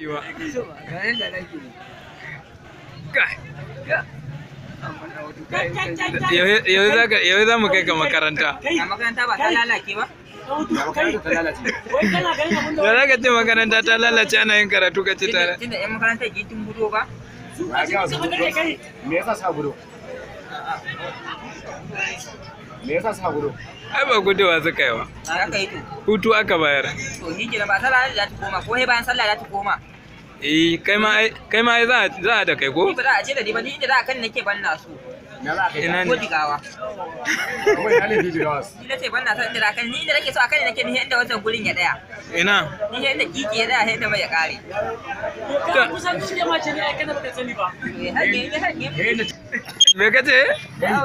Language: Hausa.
Iwa. Ga da nake. Ga. Yau za mu kai ka makaranta. A makaranta ba ta lalace ba? Da za ka ce makaranta ta lalace ana yin karatu ka ce ta lalace. Tunda yan makaranta ke tun budo ba? Me yasa sa budo? Me yasa sa budo? Ai ba gudewa suka yi ba. Hutu aka bayar. To ni ba sallah za ta koma ko he bayan sallah za ta koma. eh kai ma kai za za da kai ko ba za a ce da ni ba ni inda za nake banna su ina ne ko jigawa ina ne jigawa ni nace banna su inda za kan ni inda nake so Ina nake ni inda wannan gurin ya daya ina ni inda kiki ya daya inda mai ya kare ka kusan ma ce ne Ina da sani ba eh hake me kace da